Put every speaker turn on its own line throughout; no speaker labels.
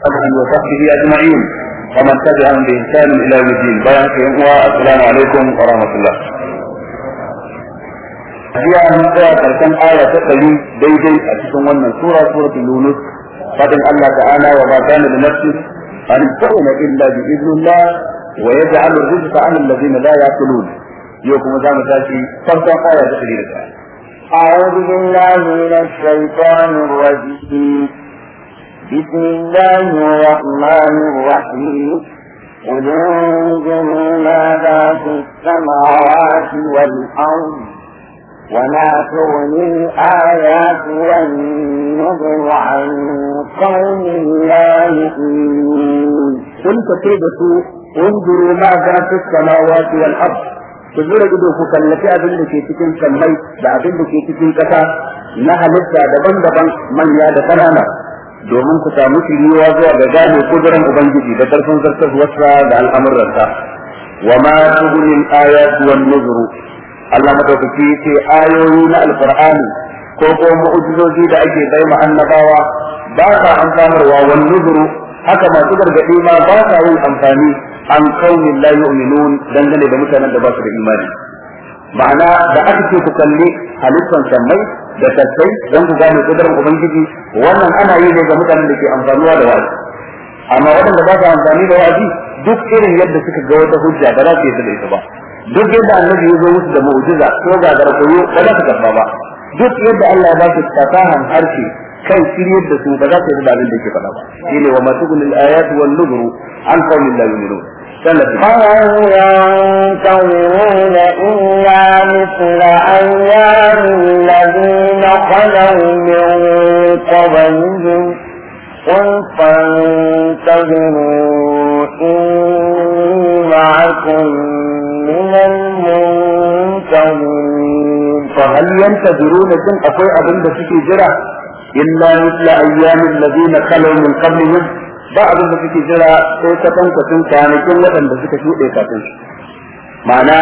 وصحبه وصحبه اجمعين ومن تبعهم بإحسان إلى يوم الدين بارك السلام عليكم ورحمة الله Jiya mun tsaya karshen aya ta ɗari daidai a cikin wannan sura sura Yunus fadin Allah ta'ala wa ba kana da nafsi an ta'una illa bi idnillah wa yaj'alu rizqa 'ala alladhina la ya'qilun yau kuma za mu tashi farkon aya ta ɗari da ta
أعوذ بالله من الشيطان الرجيم بسم الله الرحمن الرحيم قل انظروا ماذا في السماوات والأرض وما تغني الآيات والنذر عن قوم لا يؤمنون كنت تلبسوا انظروا ماذا في السماوات
والأرض ku zura ido ku kallaci abin da ke cikin sammai da abin da ke cikin ƙasa na halitta daban-daban manya da ƙanana domin ku samu shiriwa zuwa ga gane kudurin ubangiji da karfin zartarwarsa da al'amuranta. wa ma tubni al-ayat wan Allah madaukaki ce ayoyi na alqur'ani ko ko mu'jizoji da ake bai ma annabawa ba sa amfanarwa wan nuzuru. haka masu gargaɗi ma ba sa yin amfani an kaumin la yu'minun dangane da mutanen da ba su da imani ma'ana da aka ce ku kalli halittan sammai da tattai don ku gane kudurin ubangiji wannan ana yi ne ga mutanen da ke amfani da wa'azi amma waɗanda ba su amfani da wa'azi duk irin yadda suka ga wata hujja ba za su yi da ita ba duk yadda annabi ya zo musu da mu'jiza ko ga garkuyo ba za su karba ba duk yadda Allah ya ba su fasahan harshe kan shiryar da su ba za su yi da abin da yake faɗa ba shine wa ma tugun ayat wal nuzuru an
ينتظرون إلا مثل أيام الذين خلوا من قبلهم قل فانتظروا إني معكم من المنتظرين فهل ينتظرون إن أقوى أبن بسكي جرى illa مثل أيام الذين خلوا من قبلهم
ba abin da suke jira sai ka tankwacin kwanakin waɗanda suka shuɗe kafin su ma'ana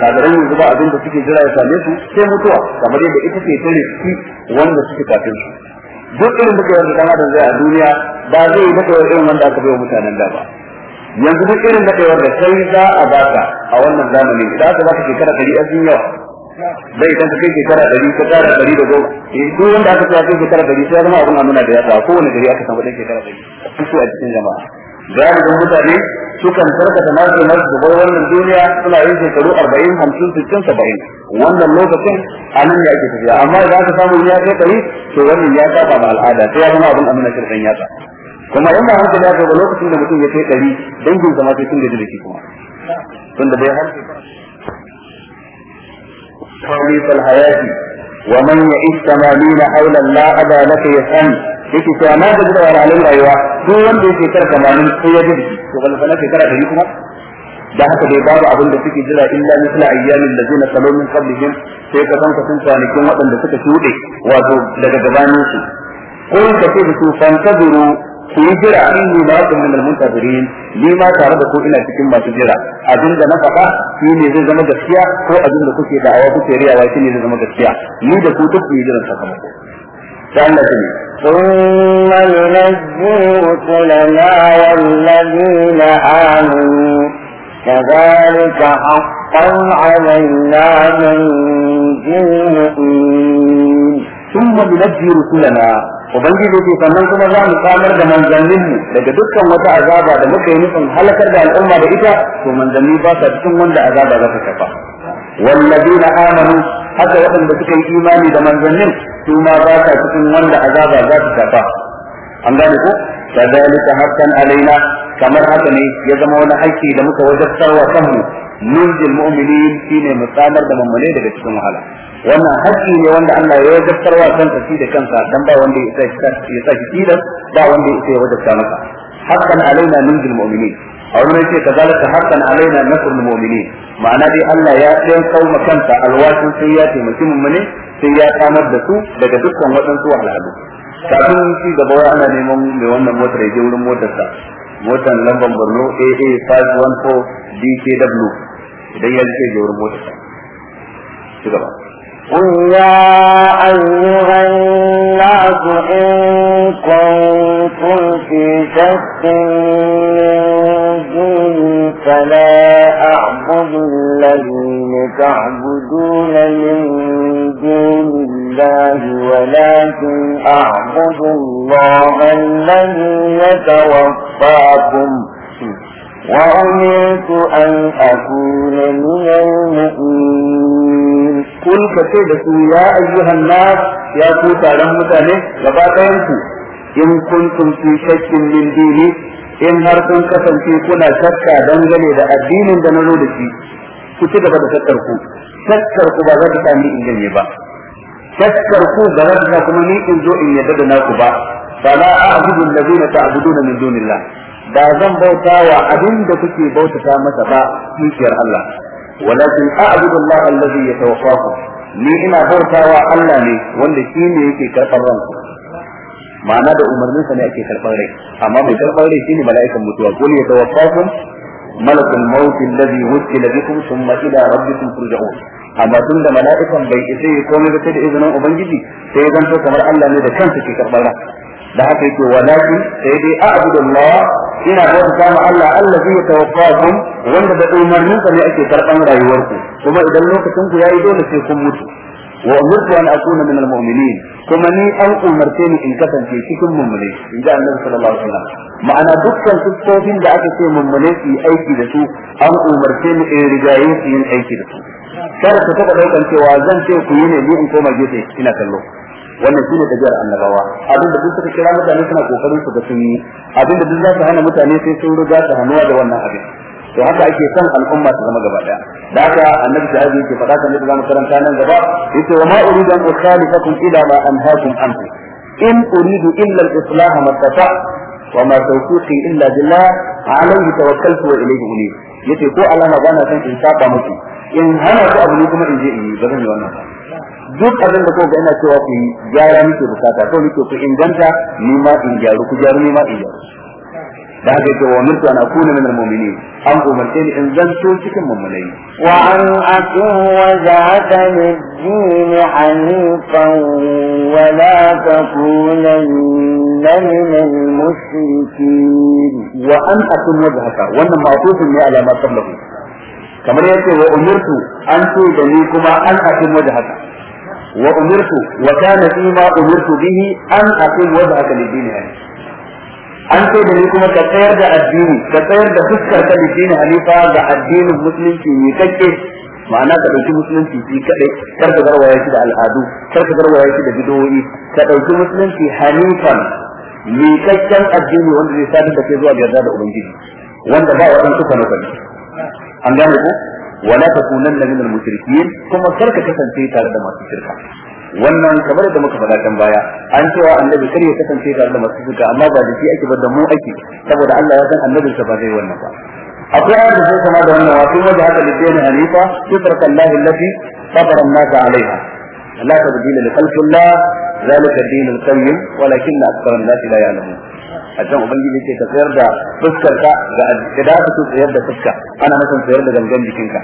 kafiran yanzu ba abin da suke jira ya same sai mutuwa kamar yadda ita ce ta riski wanda suke kafin su duk irin duka yanzu dan adam zai a duniya ba zai maka irin wanda aka bai mutanen da ba yanzu duk irin da kai wanda sai za a baka a wannan zamanin da ba baka shekara ɗari a yawa bai kan kai shekara dari ka kara dari da goma in eh, duk wanda aka tsaya kai shekara dari sai zama abin amina da ya tsaya kowane gari aka samu dan shekara dari su a cikin jama'a galibin mutane sukan tarkata nasu nasu
da bai wannan duniya
suna yin shekaru arba'in hamsin sittin saba'in wannan lokacin a nan ya ke tafiya amma idan aka samu ya kai ɗari to wannan ya saba ma al'ada sai ya zama abin amina shirkan ya tsaya kuma in ba haka da ga lokacin da mutum ya kai ɗari dangin sa sai sun da shi kuma tunda bai hankali توليف الحياة ومن يعيش ثمانين حولا لا أبا لك يسأل بك سواما تجد على علم الأيوة دون بك ترك مانين هي جدك وغلق لك ترك بيكما لا حتى بيبار أظن بك جدا إلا مثل أيام الذين صلوا من قبلهم كيف تنك سنسى لكم وطن بسك سودي وذو لك جبانوك قل تكيبتوا فانتظروا ku yi jira an yi ma kun minal muntazirin ni ma tare da ku ina cikin masu jira abin da na faɗa shi ne zai zama gaskiya ko abin da kuke da awa kuke riyawa shi ne zai zama gaskiya ni da ku duk ku yi jiran sakamako
dan da ne ثم ينجي رسلنا والذين آمنوا كذلك حقا علينا ننجي المؤمنين ثم ينجي رسلنا ubangiji ce sannan kuma za mu samar da manzanninmu
daga dukkan wata azaba da muka yi nufin halakar da al'umma da ita to manzanni ba sa cikin wanda azaba za ta kafa wallazina amanu haka waɗanda suka yi imani da manzannin su ma ba sa cikin wanda azaba za ta kafa an gane ko kadalika hakkan alaina kamar haka ne ya zama wani aiki da muka wajabtar wa kanmu nunjil mu'minin shine mutsalar da mamale daga cikin wahala
wannan haƙƙi
ne wanda Allah ya zartarwa kansa shi da kansa dan ba wanda ya sa shi tilas ba wanda ya sai wajabta masa haqqan alaina nunjil mu'minin a wani yake kazalika haqqan alaina nasrul mu'minin ma'ana dai Allah ya ɗan kauma kansa alwashin sai ya taimaki mummune sai ya samar da su daga dukkan waɗansu wahalhalu kafin shi gaba wai ana neman mai wannan motar ya je wurin motarsa motar lambar Borno AA 514 DKW idan ya rike ga wurin mota ci gaba
قل يا أيها الناس إن كنتم في شك من فلا أعبد الذين تعبدون من دون الله ولكن أعبد الله الذي يتوفاكم وأمرت أن أكون من المؤمنين قل فسيدك يا أيها الناس
يا كوتا رمتا لك إن كنتم في شك من ديني in har kun kasance kuna shakka dangane da addinin da na zo da shi ku ci gaba da shakkar ku shakkar ku ba za ta sami in gane ba shakkar ku ba za ta kuma ni in zo in yarda da naku ba fala a'budu allazina ta'buduna min dunillah ba zan bauta wa abin da kuke bautata masa ba kishiyar Allah walakin a'budu Allah allazi yatawaffaku ni ina bauta wa Allah ne wanda shi ne yake karɓar ranku ma'ana da umarninsa ne ake karɓar rai amma mai karɓar rai shine mala'ikan mutuwa ko ne yatawaffakum malakul maut allazi wukila bikum thumma ila rabbikum turja'un amma tun da mala'ikan bai isa ya komai ba sai da izinin ubangiji sai zan to kamar Allah ne da kansa ke karɓar rai da haka yake walakin sai dai a'budu Allah ina bauta ma Allah Allah zai tawaffakum wanda da umarnin sa ne ake karban rayuwarku kuma idan lokacin ku yayi dole sai kun mutu wa umirtu an akuna min almu'minin kuma ni an umarce ni in kasance cikin mummune in ji Annabi sallallahu alaihi wasallam ma'ana dukkan sifofin da aka ce mummune su yi aiki da su an umarce ni in rigaye su yin aiki da su kada ku taɓa ɗaukan cewa zan ce ku yi ne ni in koma gefe ina kallo wannan shine tafiyar annabawa abin da duk suka kira mutane suna kokarin su ga sun yi abin da duk za su hana mutane sai sun riga su hanuwa da wannan abin to haka ake san al'umma su zama gaba daya da haka annabi da hadisi ke faɗa kan da zamu karanta nan gaba yace wa ma uridu an ukhalifakum ila ma anhaakum anhu in uridu illa al-islah ma tata wa ma tawfiqi illa billah alayhi tawakkaltu wa ilayhi unib yace ko Allah magana san in saba miki in hana ku abu ne kuma in je in yi ba zan yi wannan ba duk abin da kuka ina cewa ku gyara muke bukata ko muke ku inganta ni ma in gyaru ku gyaru ni ma in gyaru da haka yake wa mutu ana kuna min almu'minin an umarce ni in zanto cikin mummunai
wa an za ta lid jini hanifan wa la kuna min al-mushrikin wa an za ta wannan ma'tufin ne ala ma qablahu kamar yace
wa umurtu an ce da ni kuma an za ta وأمرت وكان فيما أمرت به أن أقيم وضعك للدين يعني an ce da ni kuma ka tsayar da addini ka tsayar da fuskar ka da dini halifa ga addinin musulunci ne kake ma'ana ka dauki musulunci shi kadai kar ka garwaya shi da al'adu kar ka garwaya shi da bidoyi ka ɗauki musulunci hanifan ne kakken addini wanda zai sadar da kai zuwa da ubangiji wanda ba wadansu kanu an gane ولا تكونن من المشركين ثم ترك كسنتي تار دم الشرك وان ان دمك فلا تنبايا دم بايا ان توا ان لم يكري كسنتي تار دم الشرك اما بعد في اكي بدل مو اكي تبدا لا يزن ان لم يكبر دم وان
أقول أن الرسول صلى الله عليه وسلم
وجه هذا الدين حنيفة فطرة الله التي فطر الناس عليها لا تبديل لخلق الله ذلك الدين القيم ولكن أكثر الناس لا يعلمون a can ubangiji ce ka tsayar da fuskar ka ga da ka tsayar da fuska ana nufin tsayar da gangan jikinka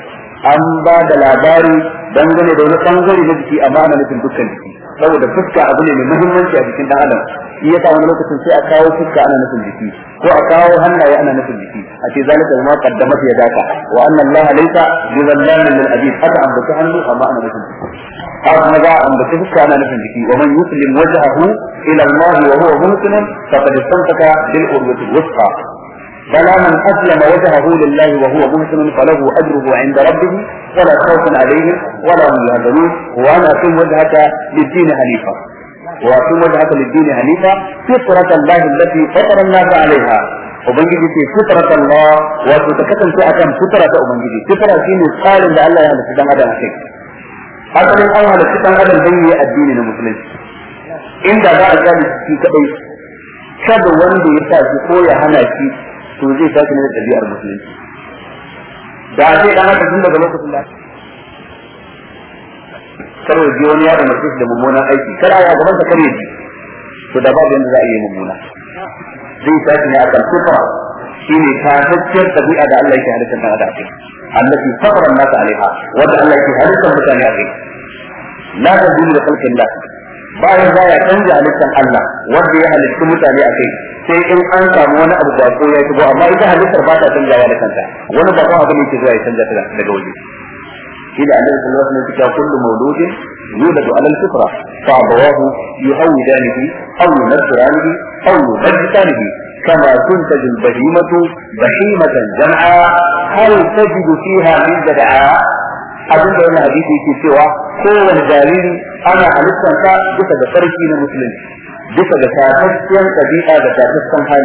an ba da labari dangane da wani bangare na jiki amma ana nufin dukkan jiki saboda fuska abu ne mai muhimmanci a jikin dan adam shi yasa wani lokacin sai a kawo fuska ana nufin jiki ko a kawo hannaye ana nufin jiki a ce zalika ma qaddamat yadaka wa anna allaha laysa bi dhallamin lil abid haka ambata hannu amma ana nufin jiki har na za a ambaci fuska ana nufin jiki wa man yuslim wajhahu ila Allah wa huwa muhsin faqad istamsaka bil urwati al-wuthqa فلا من أسلم وجهه لله وهو محسن فله أجره عند ربه ولا خوف عليهم ولا هم يحزنون وأن أقم وجهك للدين حنيفا وأقم وجهك للدين حنيفا فطرة الله التي فطر الناس عليها ubangiji ce fitrata Allah wato ta kasance akan fitra ta ubangiji fitra shine tsarin da Allah ya halitta dan adam a kai asalin an halitta dan adam dan yi addini na musulunci inda za a gane shi kaɗai, kada wanda ya sa shi ko ya hana shi to zai tashi ne da dabi'ar musulunci da sai dan adam tun daga lokacin da karo ji wani ya umarce shi da mummunan aiki kada ya gaban sa kare ji to da babu yanda za a yi mummuna zai tashi ne akan kufa Shi ne hajjar tabi'a da Allah ya yake halitta dan adam التي فطر الناس عليها وضع الله في هذه الصبر لا تدين لخلق الله بعد ذلك تنجى لك الله وضع يهل السمت علي أخي سيء إن أنت مونا أبو باكو يا سبو أما إذا هل يسر باتا تنجى لك أنت ولا بقوا أبني تزوى يسنجى لك إذا أنزل صلى الله عليه وسلم كل مولود يولد على الفطرة فأبواه يهودانه أو ينصرانه أو يهجتانه كما تنتج البهيمة بهيمة جمعاء هل تجد فيها من دعاء أظن أن حديثي في سوى كل الدليل أنا حلفت أنك بس بتركين المسلمين بس بتركين تبيئة بتركين هاي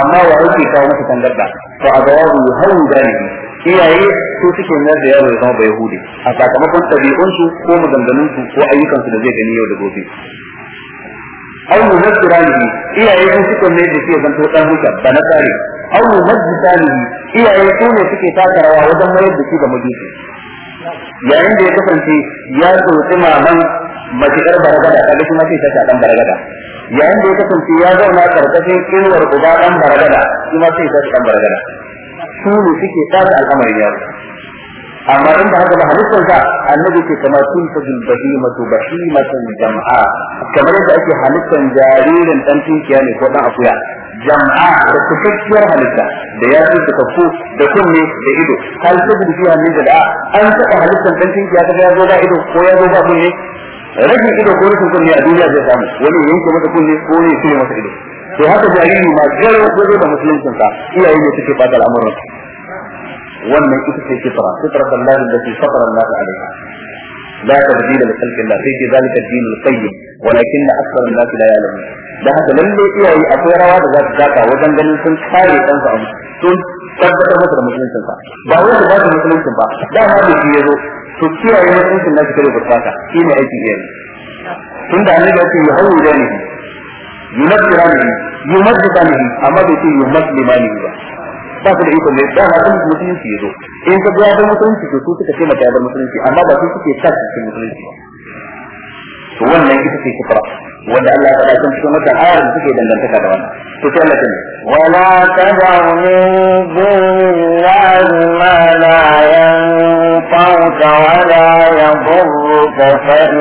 أما وعوكي كونة تنبدا فأدواب يهو ذلك إيه هي هي توسك الناس يارو يغاب يهودي أفاك مكن تبيئنسو ومدنبنسو وأيكم في نبيه جنيه ودقوتي aw munazzirani iyaye sun suka mai da shi ya zanto dan huta ba na tsari aw munazzirani iyaye su ne suke taka rawa wajen mayar da shi ga majusi yayin da ya kasance ya tsotsi maman mace yar baragada kaga kuma sai ta dan baragada yayin da ya kasance ya zauna karkashin inuwar uba dan baragada kuma sai su ne suke al'amarin yaro amma in ba haka ba halittar ka annabi ke kama tun ta masu bashi masu jama'a kamar yadda ake halittar jaririn dan tunkiya ne ko dan akuya jama'a da kusurciyar halitta da ya fi cikakku da kunne da ido har su gudu fiye da da an saka halittar dan tunkiya ta ya zo ba ido ko ya zo ba kunne rashin ido ko rashin kunne a duniya zai samu wani yanke mata kunne ko ne shi masa ido to haka jariri ma garo ko da musuluncinsa iyaye ne suke fata amurka wannan ita ce fitra fitra Allah allati fatara Allah alaiha لا تبديل لخلق الله في ذلك الدين القيم ولكن اكثر الناس لا يعلمون da haka lalle iyaye akwai rawa da za su taka wajen ganin sun kare kansu a sun tabbatar masa da musulunci ba ba wai su ba su musulunci ba da ma da shi yazo to kiyaye musulunci na kare gurbata shi ne aiki iyaye tunda annabi ya ce ya hawo da ne yunabbi rani yunabbi rani amma bai ce yunabbi mani ba ba su da ikon mai da na san musulunci ya zo in ka ga da musulunci to su suka ce maka da musulunci amma ba su suke sa cikin musulunci to wannan ita ce kufra wanda Allah ya faɗa cikin mata ayar da suke dangantaka da wannan to sai Allah
ya wala tad'u min dunillahi ma la yanfa'uka wa la yadhurruka fa in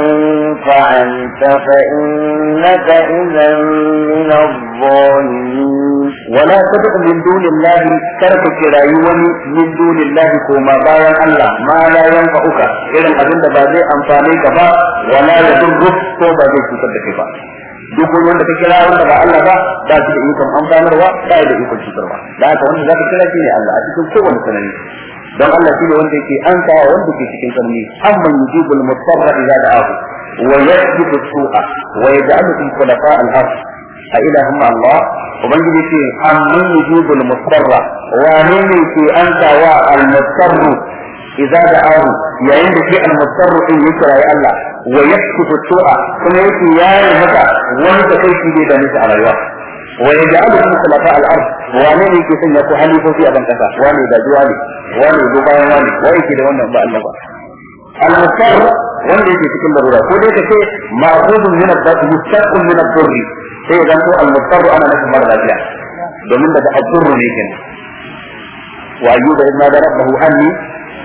fa'alta fa innaka idan min adh-dhalimin ولا تدع من دون الله من دون الله كما الله ما
لا ينفعك بازي ولا duk wani wanda ka kira Allah ba ba shi da ikon amfanarwa ba da ikon cutarwa da haka wanda za kira shi ne Allah a cikin kowane sanani don Allah shi ne wanda yake an kawo wanda ke cikin sanani amman yujibul mustarra da'ahu wa yasbitu su'a wa yaj'alukum khulafa al-ard a ilahum Allah ubangiji ce amman yujibul mustarra wa ne ke an tawa al mustarru idza da'ahu yayin da shi al mustarru din ya kira ya Allah wa yaktubu su'a kuma yake yayi haka wani da kai shi da miki a rayuwa wa yaj'alukum khulafa' al ard wa ne ke sanya ku halifofi a ban kasa wa ne da juwa ne wa ne da bayan wa ne wa yake da wannan ba Allah ba al mustarru wanda yake cikin larura ko dai ka ce ma'khudun min ad-dhurri sai ya zanto al-mutarru ana nufin mara lafiya domin daga adurru ne kenan wa ayyuba ibn da rabbahu anni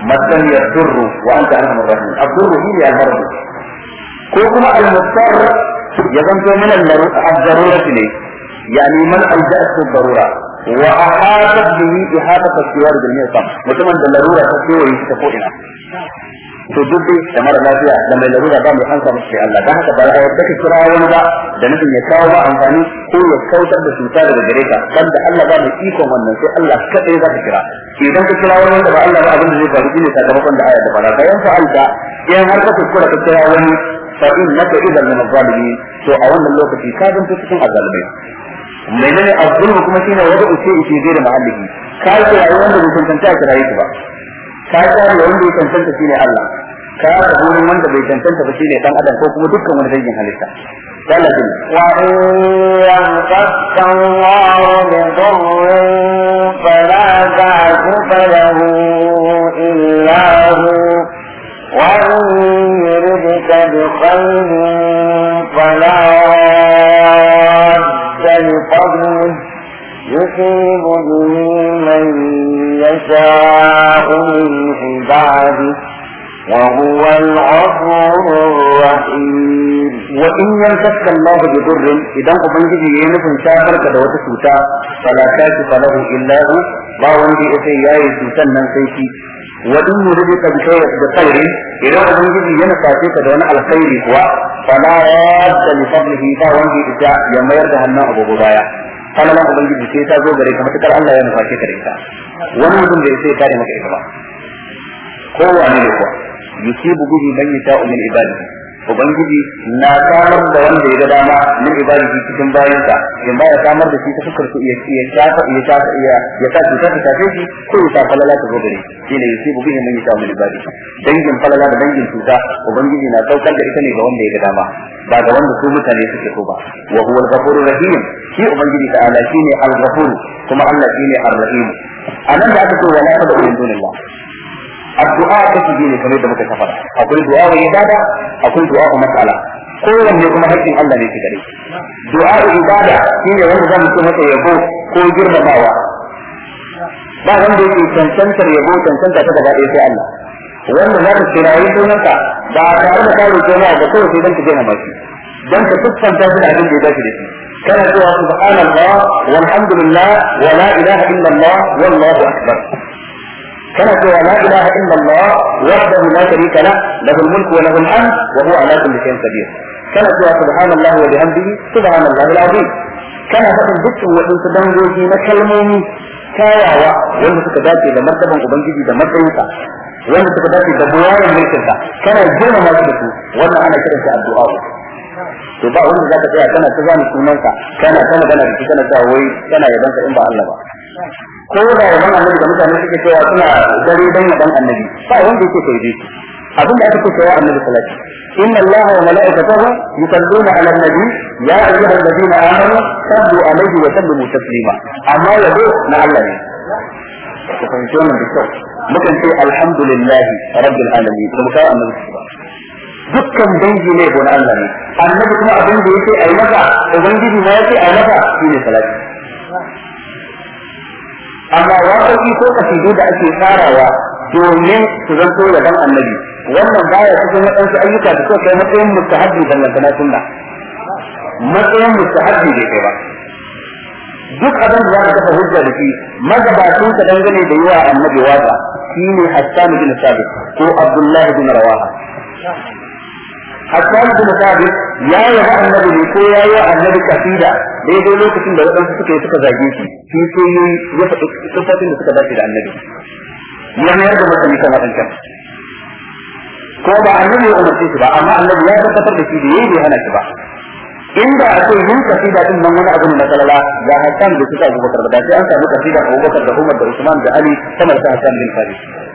matan yadurru wa anta arhamur rahim adurru hi ya al ko kuma al-mutarr ya zanto min al-darura ne yani man alja'atu darura wa ahatat bihi ihata siwar bil mutam mutumin da larura ta koyi ta ko ina to duk da mara lafiya da mai larura ba mu an samu sai Allah dan haka ba a yadda ka kira wani ba da nufin ya kawo ba amfani ko ya kautar da cuta daga gare ka dan da Allah ba mai ikon wannan sai Allah kadai za ka kira idan ka kira wani da ba Allah ba abin da zai faru shine sakamakon da aya da fara bayan fa alta in har ka kuskura ka kira wani fa naka idan min zalimin to a wannan lokaci ka zanto cikin azalimai
menene azulmu
kuma shine wanda uce uce zai da mahalli ka kira wanda mutunta kira yake ba ka kare wanda ya cancanta shine Allah ka da wurin wanda bai cancanta ba shine dan adam ko kuma dukkan wani dangin halitta Allah wa yaqta Allahu bi
dhurrin fala ta'tifa lahu illa hu wa yuridka bi khairin fala يشاء من عباده وهو الغفور الرحيم وإن
يمسك الله بضر إذا أبنجد ينف شافر كدوة سوتا فلا كاشف له إلا هو ba wanda ya sai yayi cutan nan sai shi wa in yuridu ka bi shay'in bi khairin idan ubangiji yana sace ka da wani alkhairi kuwa fala yadda li fadlihi ba wanda ya mayar da hannun abu baya falalan ubangiji sai ta zo gare ka matakar Allah ya nufa ka da ita wani mutum bai sai kare maka ita ba kowane ne kuwa yusibu bihi man yasha'u min ibadihi ubangiji na samar da wanda ya ga dama min ibadati cikin bayansa in ba ya samar da shi ta fuskar su ya ya shafa ya shafa ya ya ta ta ta ta shi ko ya ta falala ta ne? shi ne yasi bu bihi yi samun samu dangin falala da dangin cuta ubangiji na saukar da ita ne ga wanda ya ga dama ba ga wanda su mutane suke ko ba wa huwa al ghafur rahim shi ubangiji ta ala ne al-ghafur kuma Allah shine ar-rahim
anan da aka ce wala ta da
dunillah addu'a kashi biyu ne kamar yadda muka safara akwai du'a wa ibada akwai du'a wa mas'ala kowanne kuma haƙƙin Allah ne shi gare du'a wa ibada shine wanda zamu so masa yabo ko girmamawa ba wanda yake cancantar yabo cancanta ta gaba ɗaya sai Allah wanda za ka kirayi sunanka ba tare da karo ko ba kawai sai dan ka gina maki dan ka tuffanta shi da abin da ya dace da shi kana cewa subhanallah walhamdulillah wa la ilaha illallah wallahu akbar كما هو لا اله الا الله وحده لا شريك له له الملك وله الحمد وهو على كل شيء قدير كما هو سبحان الله وبحمده سبحان الله العظيم كما هو الذكر وانت دنجوجي مكلموني كاوا وانت تكداتي لمرتبا ابنجيجي دمرتبا وانت تكداتي دبوايا ملكتا كما جرم ما تكتو وانا انا كرمت الدعاء to ba wanda zaka tsaya kana tsaya ne sunanka kana kana kana kana tsaya wai kana yaban ka in ba Allah ba ko da yaban annabi da mutane suke cewa suna dare dan yaban annabi ba wanda yake abin da aka cewa annabi sallallahu الله وملائكته يصلون على النبي يا أيها الذين آمنوا صلوا عليه وسلموا تسليما أما يدعو مع الله ممكن في الحمد لله رب العالمين ومكاء النبي dukkan dangi ne gona Allah ne annabi kuma abin da yake ayi ubangiji ma yake ayi shine salati amma waƙoƙi ko kasidu da ake tsarawa domin su zanto yaban annabi wannan baya cikin waɗansu ayyuka da suka kai matsayin mustahabbi dangantana sunna matsayin mustahabbi da kai ba duk abin da za ka kafa hujja da shi magabatun ka dangane da yawa annabi waka shine Hassan bin Sabit ko abdullahi bin Rawaha Hassan bin Thabit ya yi wa annabi ne ko ya yi wa annabi kasida daidai lokacin da waɗansu suka yi suka zage shi shi sai ya faɗi sifatin da suka dace da annabi ya mayar da masani kan waɗancan ko ba annabi ya umarce shi ba amma annabi ya tabbatar da shi da yayi bai hana shi ba inda a ce yin kafida din nan wani abu ne na kalala ga Hassan da suka Abubakar da sai an samu kafida kasida Abubakar da Umar da Usman da Ali kamar ta Hassan bin Thabit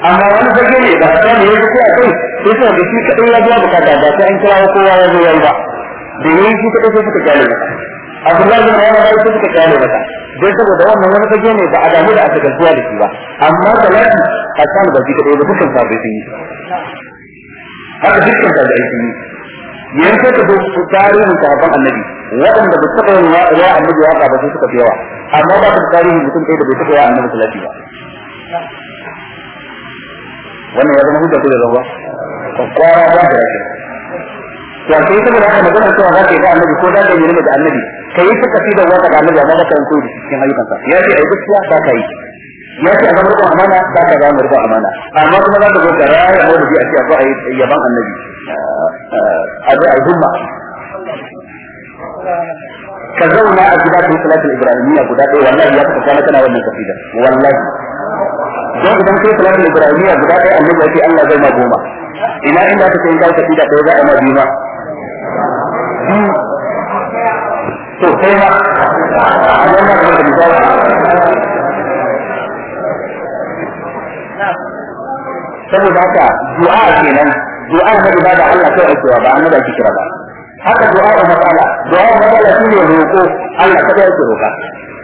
amma wani fage ne ba ta ne yake a kai sai suna da shi kadai ya biya bukata da ta an kira kowa ya zo yayi
ba domin shi kadai sai suka kyale maka Abdullahi bin Umar sai suka kyale ba dan saboda wannan wani fage ne ba a damu da aka gantuwa da shi ba amma da talaki a kan ba shi kadai ba dukkan sabai sun yi haka dukkan sabai sun yi yanzu ka zo tarihin sahabban annabi waɗanda ba taɓa yin ya annabi waka ba sai suka fi yawa amma ba su tarihin mutum ɗaya da bai taɓa ya annabi salati ba wannan ya zama hujja ko da zama kwakwara ba da rashin ya kai saboda haka magana cewa za ka yi da annabi ko za ka yi da annabi ka yi suka fi da wata da annabi amma za ka yanko cikin ayyukansa ya ce a yi gaskiya za ka yi ya ce a zama rikon amana za ka zama rikon amana amma kuma za ka zo ka raya maulidi a ce a zo a yi yaban annabi a zo a yi zumba
ka zauna a gida ka yi salatul ibrahimiyya guda ɗaya wallahi ya fi kana kana wannan kafida wallahi
don idan kai salatul ibrahimiyya guda ɗaya annabi ya Allah zai ma goma ina inda aka ce in ka tafi da ɗaya za a ma biyu ma to sai ma Allah na da misali saboda haka du'a kenan du'a na ibada Allah kai aikewa ba annabi ake kira ba haka du'a na matsala du'a na matsala shine roƙo Allah kada yake roƙa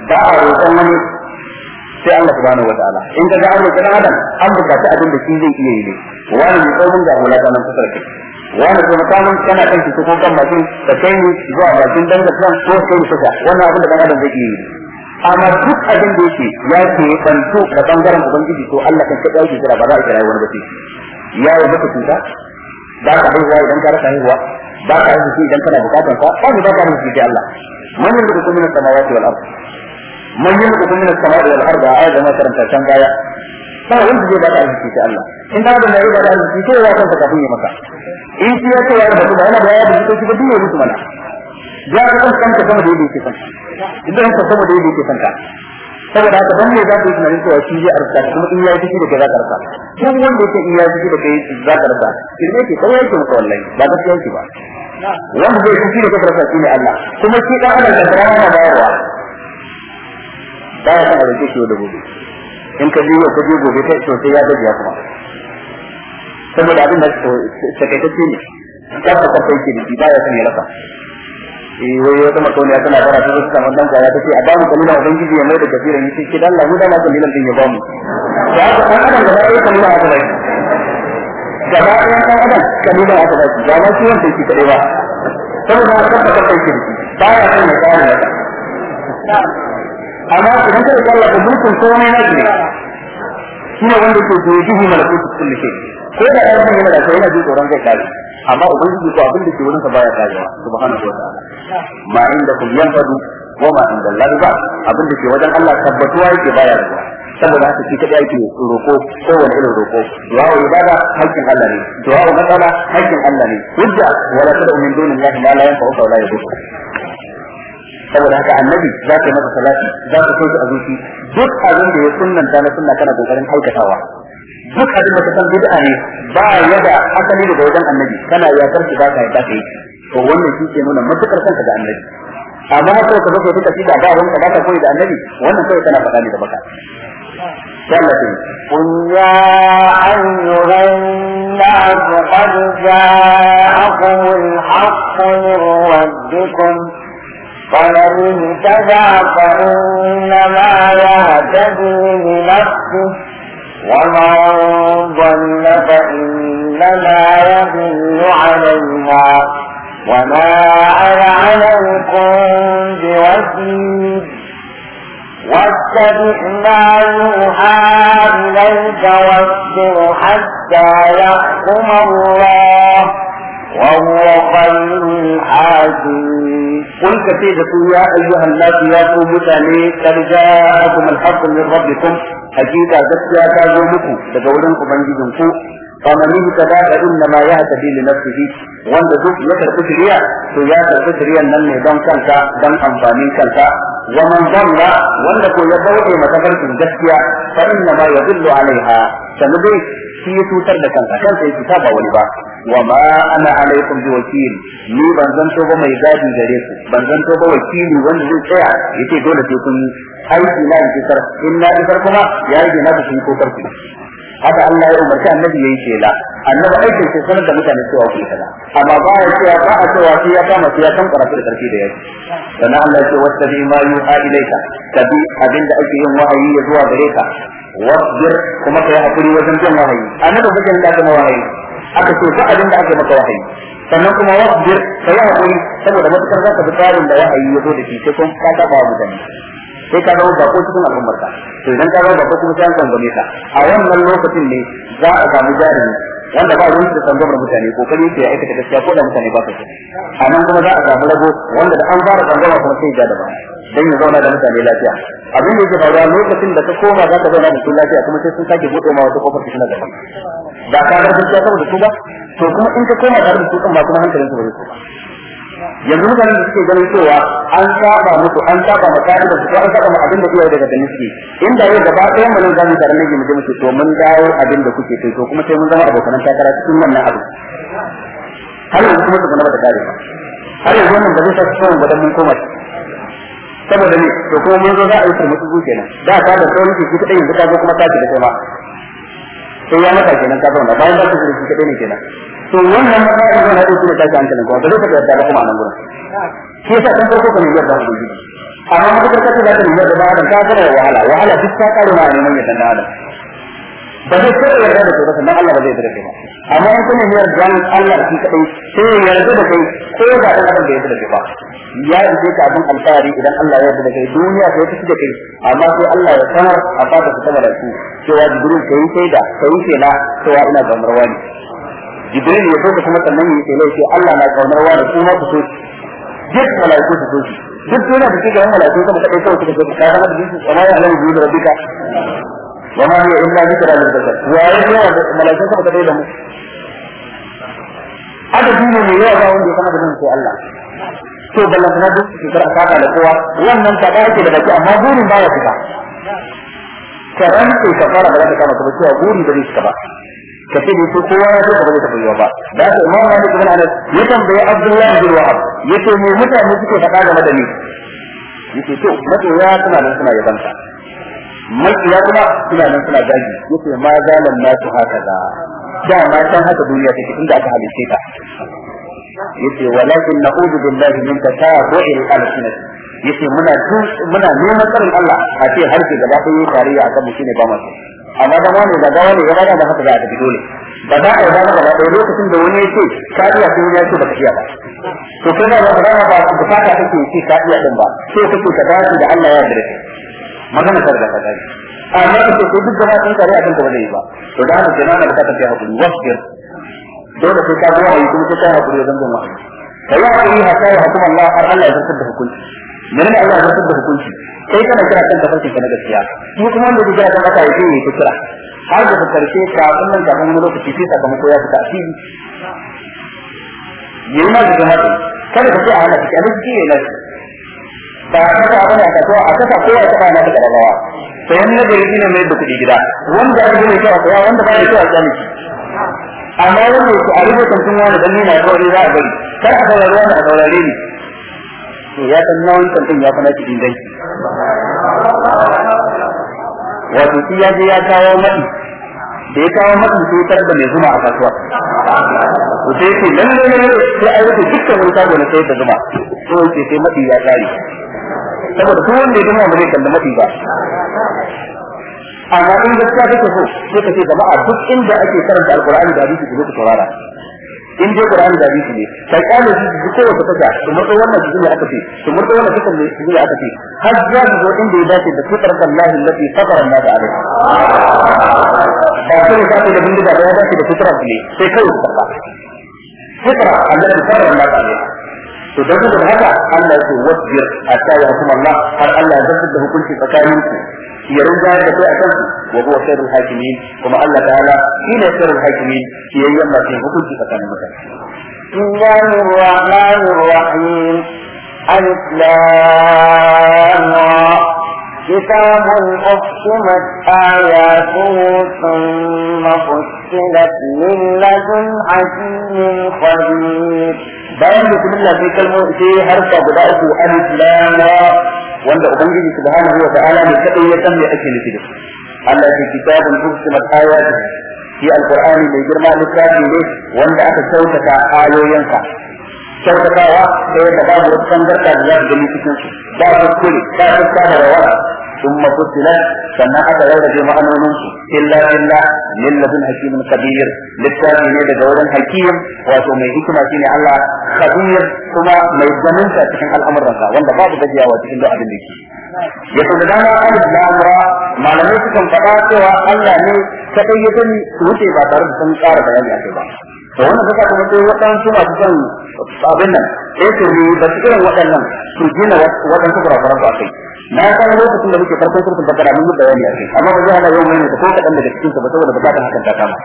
ba a roƙon wani sai Allah subhanahu wataala in ka ga an roƙi dan adam an bukaci abin da shi zai iya yi ne wani mai tsohon da hula ta kusur kai wani kuma kamun kana kan shi ko kan bakin ka kai ni zuwa bakin danga kan ko sai suka wani abin da dan adam zai iya yi amma duk abin da yake ya ke kwanto da bangaren ubangiji ko Allah kan ka dauki kira ba za a kira wani ba sai ya yi maka cuta ba ka haihuwa idan ka rasa haihuwa ba ka haihu idan kana bukatan ka ba ka haihu shi Allah man yadda kuma na samawati wal ardh man yarzuqu min as-sama'i wal ardi ayat da karanta can baya ba wanda zai bada arziki sai Allah in da da yayi bada sai ya kafin ya maka in shi ya ce ya ba yana da ya rubuta shi ba duk ya rubuta mana ya kan kanta sama da yake kanta idan ka sama da yake kanta saboda haka dan ne za ka yi tunanin cewa shi zai arsa kuma in ya yi ciki da kai za ka arsa duk wanda yake in ya yi ciki kai za ka arsa kirme ke kawai yake maka wallahi ba ba
wanda zai
ciki da kai arsa shi ne Allah kuma shi dan bayarwa ba ya san a roƙe da gobe in ka biyo ka biyo gobe kai sosai ya ya kuma saboda abin da takaitacce ne ta fasa kai ke da shi ba ya san ya rasa eh wai wata makauniya tana bara ta zuka man dan ya tace a ba mu kalila ubangiji ya mai da kafiran yi sai dan Allah da na kalilan din ya ba mu
da aka san adam da ya kalila aka bai da ba ya san adam kalila
aka bai da ba shi wanda yake kadai ba saboda ka fasa kai ke da shi ba ya san ya kare amma idan ka kalla Allah mulkin komai na ke shi ne wanda ke dojihi malakutu kullu shay ko da ɗan sun yana da kai na jin tsoron kai kare amma ubangiji ko abin da ke wurin sa baya karewa subhanahu wa ta'ala ma inda kun yanfadu wa ma inda Allah ba abin da ke wajen Allah tabbatuwa yake baya da. saboda haka shi kadai yake ko wani irin roko du'a ibada hakkin Allah ne du'a matsala hakkin Allah ne hujja wala tad'u min dunillahi ma la yanfa'uka wa la yadurruka saboda haka annabi za ka yi masa salati za ka so shi a zuci duk abin da ya sunnan ta na sunna kana kokarin aikatawa duk abin da ka san bid'a ne ba ya da asali daga wajen annabi kana ya karki ba ka yadda kai to wannan shi ke nuna matukar kanka da annabi amma har sai ka zo ka tafi da ba wanka ba ka koyi da annabi wannan kai kana faɗa ne da baka
قل يا أيها الناس قد جاءكم الحق من ربكم فمن اهتدى فإنما يهتدي لنفسه ومن ضل فإنما يضل عليها وما أنا عليكم بوكيل واتبع ما يوحى إليك واصبر حتى يحكم الله وهو خير الحاكمين kun ka da su ya ayyuhan nasu ya ku mutane kad
ja'akum al-haqq min rabbikum hakika gaskiya ta zo muku daga wurin ubangijin ku fa man yahtadi fa innama yahtadi li nafsihi wanda duk ya karbi shari'a to ya karbi shari'an nan ne don kanka don amfanin kanka wa man dalla wanda ko ya bauke masa gaskiya fa innama yadullu alaiha sanadi shi ya cutar da kansa kansa ya ta ba wani ba wa ma ana alaikum bi wakil ni ban zanto ba mai gadi gare ku ban zanto ba wakili wanda zai tsaya yake dole sai kun aiki na in kisar in na kisar kuma ya yi na da kun kokar ku haka Allah ya umarci annabi yayi shela annabi aikin sai sanar da mutane cewa ku kaza amma ba ya cewa ba a cewa sai ya kama sai ya kan karatu da karfi da yaki sannan Allah ya ce wattabi ma yuha ilayka tabi ake yin wahayi ya zuwa gare ka wasbir kuma kai hakuri wajen jin wahayi annabi ba kan da wahayi aka ce ba abinda ake maka wahayi sannan kuma wasbir kai hakuri saboda matukar zaka bi tsarin da wahayi ya zo da shi sai kun ka ba mutane sai ka zama bako cikin al'ummarka, ka to idan ka zama bako kuma sai an ka a wannan lokacin ne za a samu jarumi wanda ba ruwan da tsangwamar mutane kokari yake ya aikata gaskiya ko da mutane ba su ce a nan kuma za a samu rago wanda da an fara tsangwama kuma sai ya da ba dan ya zauna da mutane lafiya abin da yake faruwa lokacin da ka koma za ka zauna da su lafiya kuma sai sun sake buɗe ma wata kofar cikin gaba ba ka ga gaskiya saboda su ba to kuma in ka koma tare da su kan ba kuma hankalin su ba zai so ba yanzu mutanen da suke ganin cewa an saba musu an saba ma da su an saba ma abin da iyaye daga ganin suke inda yau gaba ɗaya mun ne zamu tare ne mu je mu ce to mun dawo abin da kuke kai to kuma sai mun zama abokan takara cikin wannan abu har yanzu kuma su ba da kare har yanzu wannan da zai sa su ba mun koma saboda ne to kuma mun zo za a yi turmutsu zuke nan da ka da sai ki ki yanzu ka zo kuma ka ki da kai ma sai ya mata kenan ka zauna bayan za ka zo ki kadai ne kenan to wannan matsayin zai haɗu su da tashi hankalin kuma ba zai ka da ba kuma a nan gurin shi yasa kan farko ka yarda da ubangiji amma mutum ka ce za ka yarda da ba adam ka fara wahala wahala duk ta ƙaru ma neman yarda da adam ba zai taɓa yarda da kai ba sannan Allah ba zai yarda da kai ba amma in kuma yarda Allah shi kaɗai sai ya yarda da kai ko ba ɗan adam da yarda da kai ba ya yarda ka abin alfahari idan Allah ya yarda da kai duniya ta yarda da kai amma sai Allah ya sanar a fata su ta da su cewa jibril kai sai da kai sai na cewa ina gamarwa ne jibril ya so kuma sannan ya tsere ce Allah na kaunar wa da su kuma ku so duk malaiku su so duk dole da kike malaiku kuma kadai kawai kike so ka ga da jinsu wala ya Allah bi rabbika wa ma hiya illa zikra lil bashar wa ya malaiku kuma kadai da mu aka dina ne yawa ga wanda kana da nan sai Allah to ballan na duk su kar aka da kowa wannan ta dace da baki amma burin ya fita karan ko kafara da ta kama kuma cewa buri da zai ba ka ce ko kowa ya saka bai taɓa ba da haka imam malik ibn anas ya tambaye abdullahi bin wahab yace me mutane suke faɗa game da ni yace to ya suna nan suna yaban ka makiya kuma suna nan suna gaji yace ma zalan nasu haka da da ma san haka duniya take inda aka halice ta yace walakin na'udhu billahi min tasabu'i al-alsinati yace muna muna neman tsarin Allah a ce harshe gaba yi tarayya akan mu shine ba mu amma dan wani da wani ya bada da haka za a tafi dole ba za a yi dama gaba ɗaya lokacin da wani ya ce ka iya sai ya ce ba ka iya ba to kai ba za ka ba bukata kake ce ka iya din ba so kake ka dace da Allah ya yarda magana ta da kaza amma kake ko duk gaba sun kare abin da ba zai ba to da haka kenan da bukata ta hakuri wasbir dole sai ka zuwa yi kuma sai ka hakuri wajen bin wahayi kai ya hakuri hatta ya hukuma Allah har Allah ya zartar da hukunci menene Allah ya zartar da hukunci Sai kana kira kan tafarkin ka na gaskiya shi kuma wanda zai kira kan aka yi zai kira har da ta karshe kafin nan kafin wani lokaci sai sakamako ya fita asiri yayi ma da haɗu. kada ka ce a hana ka alhaji ne ba a kasa abin da kasuwa a kasa ko ya kasa na ta rawa. sayan na da yake ne mai da gida wanda aka gina kyau a saya wanda ba ya kyau a tsami amma wanda ya ce a rubutan sun wani dan nuna ya kawai za a bari kar a saurari wani a saurare ni to ya san na wancan ya fana cikin dai wato shi ya je ya kawo mai da ya kawo mai sai da mai zuma a kasuwa to sai ce nan ne ne sai ai rufe dukkan wani kago na sai da zuma to sai sai mai ya tsari saboda duk wanda ya zuma ba zai kalla mai ba amma in gaskiya kake so sai ka ce jama'a duk inda ake karanta alqur'ani da hadisi ku zo ku saurara in dai Qur'ani da hadisi ne kai kana shi duk ta kaza to mutu wannan shi ne aka ce to mutu wannan kitan ne aka ce har za zo inda ya dace da fitar Allah allati fatara Allah da alai sai ka ce da bindiga da ya dace da fitar ne sai kai ka fitra allati fatara Allah da alai to dan saboda haka Allah ya ce wasbir hatta ya hukuma Allah har Allah ya zartar da hukunci tsakanin ku ya rinja da kai akan wa huwa khairul hakimin kuma Allah ta'ala shi ne khairul hakimin shi yayin yamma cikin hukunci tsakanin mutane
Bismillahir Rahmanir Rahim Alif Lam كتاب أحكمت آياته ثم فصلت من لدن حكيم خبير bayan bismillah sai
kalmo sai harfa guda uku alif lam ra wanda ubangiji subhanahu wa ta'ala ne kadai ya san me ake nufi da Allah ya kitabun hukumat ayati shi alqur'ani mai girma littafi ne wanda aka sautaka ayoyinka sautakawa da yadda babu wata tangarda da za gani cikin su ba kuskure ba ta da rawa ثم فصلت فما أتى يوجد مأنون إلا إلا للذين حكيم كبير للتابعين لجوجا حكيم واتو من حكمة سين الله خبير ثم ميزمن فاتحين الأمر رسا وانت بعض بجي أواتحين دعب النبي يقول لنا أجل أمرا ما لم يسكن فقاك وأن يعني تقيدني سوتي باتر بسن كار بياني أكبر فهنا بكا تمتلي وقتان سوما بسن صابنا إيه تريد بسكرا وقتان سجين وقتان سكرا فرنسا أكيد na san lokacin da muke farkon surfin bakara mun yi bayani a kai amma ba zai hana yau mai ne ko kaɗan daga cikin ba saboda bukatar hakan ta kama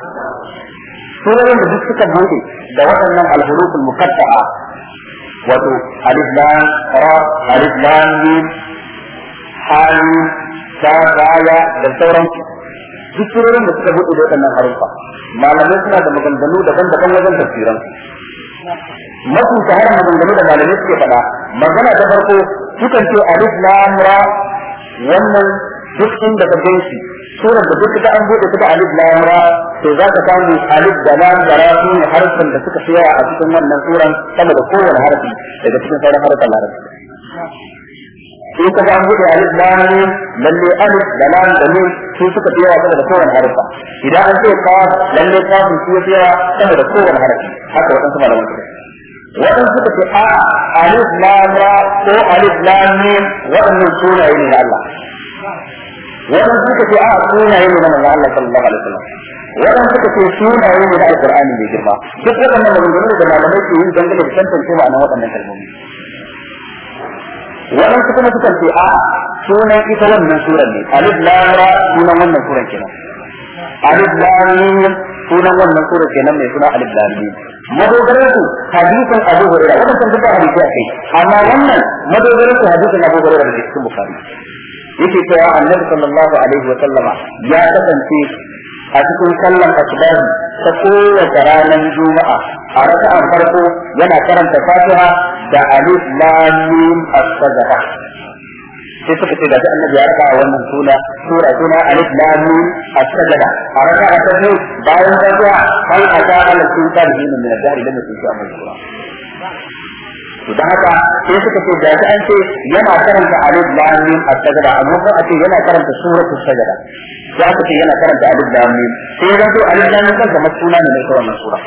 sunan da duk suka bude da waɗannan alhurufin mukatta'a wato alif lam ra alif lam mim hamim ta baya da sauran duk sunan da suka bude da waɗannan harufa malamai suna da maganganu daban-daban wajen tafsiran mafi shaharar maganganu da malamai suke faɗa magana ta farko sukan ce alif lam ra wannan duk inda ka gan shi surar da duk da an buɗe ta alif lamura, ra to za ka samu alif da lam da ra su ne harfin da suka fi a cikin wannan suran sama da kowane harfi daga cikin sauran harfin larabci sai ka ga an bude alif lam ne lalle alif da lam da mim su suka fi yawa sama da kowane harfa idan an ce qaf lalle qaf su fi yawa sama da kowane harfi haka wadansu malaman suka wadan suka ce a alif lam ra ko alif lam mim wadannan sunaye ne na Allah wadan suka ce a sunaye ne na manzon Allah sallallahu alaihi wasallam wadan suka ce sunaye ne na alqur'ani mai girma duk wadannan maganganun da malamai ke yi dangane da tantance ma'anar wadannan kalmomi wadan suka suka ce a sunan ita wannan suran ne alif lam ra sunan wannan suran kenan alif lam mim sunan wannan sura kenan mai suna alif lam mim madogaran su hadisin abu hurairah wannan sun duka hadisi a kai amma wannan madogaran su hadisin abu hurairah da cikin bukhari yake cewa annabi sallallahu alaihi wa sallama ya kasance a cikin sallan asbahi ta kowace ranar juma'a a raka'an farko yana karanta fatiha da alif lam mim as sai suka ce ta annabi ya raka wannan suna sura suna alif lam mim as-sajda a raka ta biyu bayan ta zuwa hal ata ala sultan min al-dahr lam yusu amal qur'an to da haka sai suka ce da shi an ce yana karanta alif lam mim as-sajda amma ko a ce yana karanta suratu sajda sai aka ce yana karanta alif lam mim sai zan to alif lam mim kansa suna ne mai wannan sura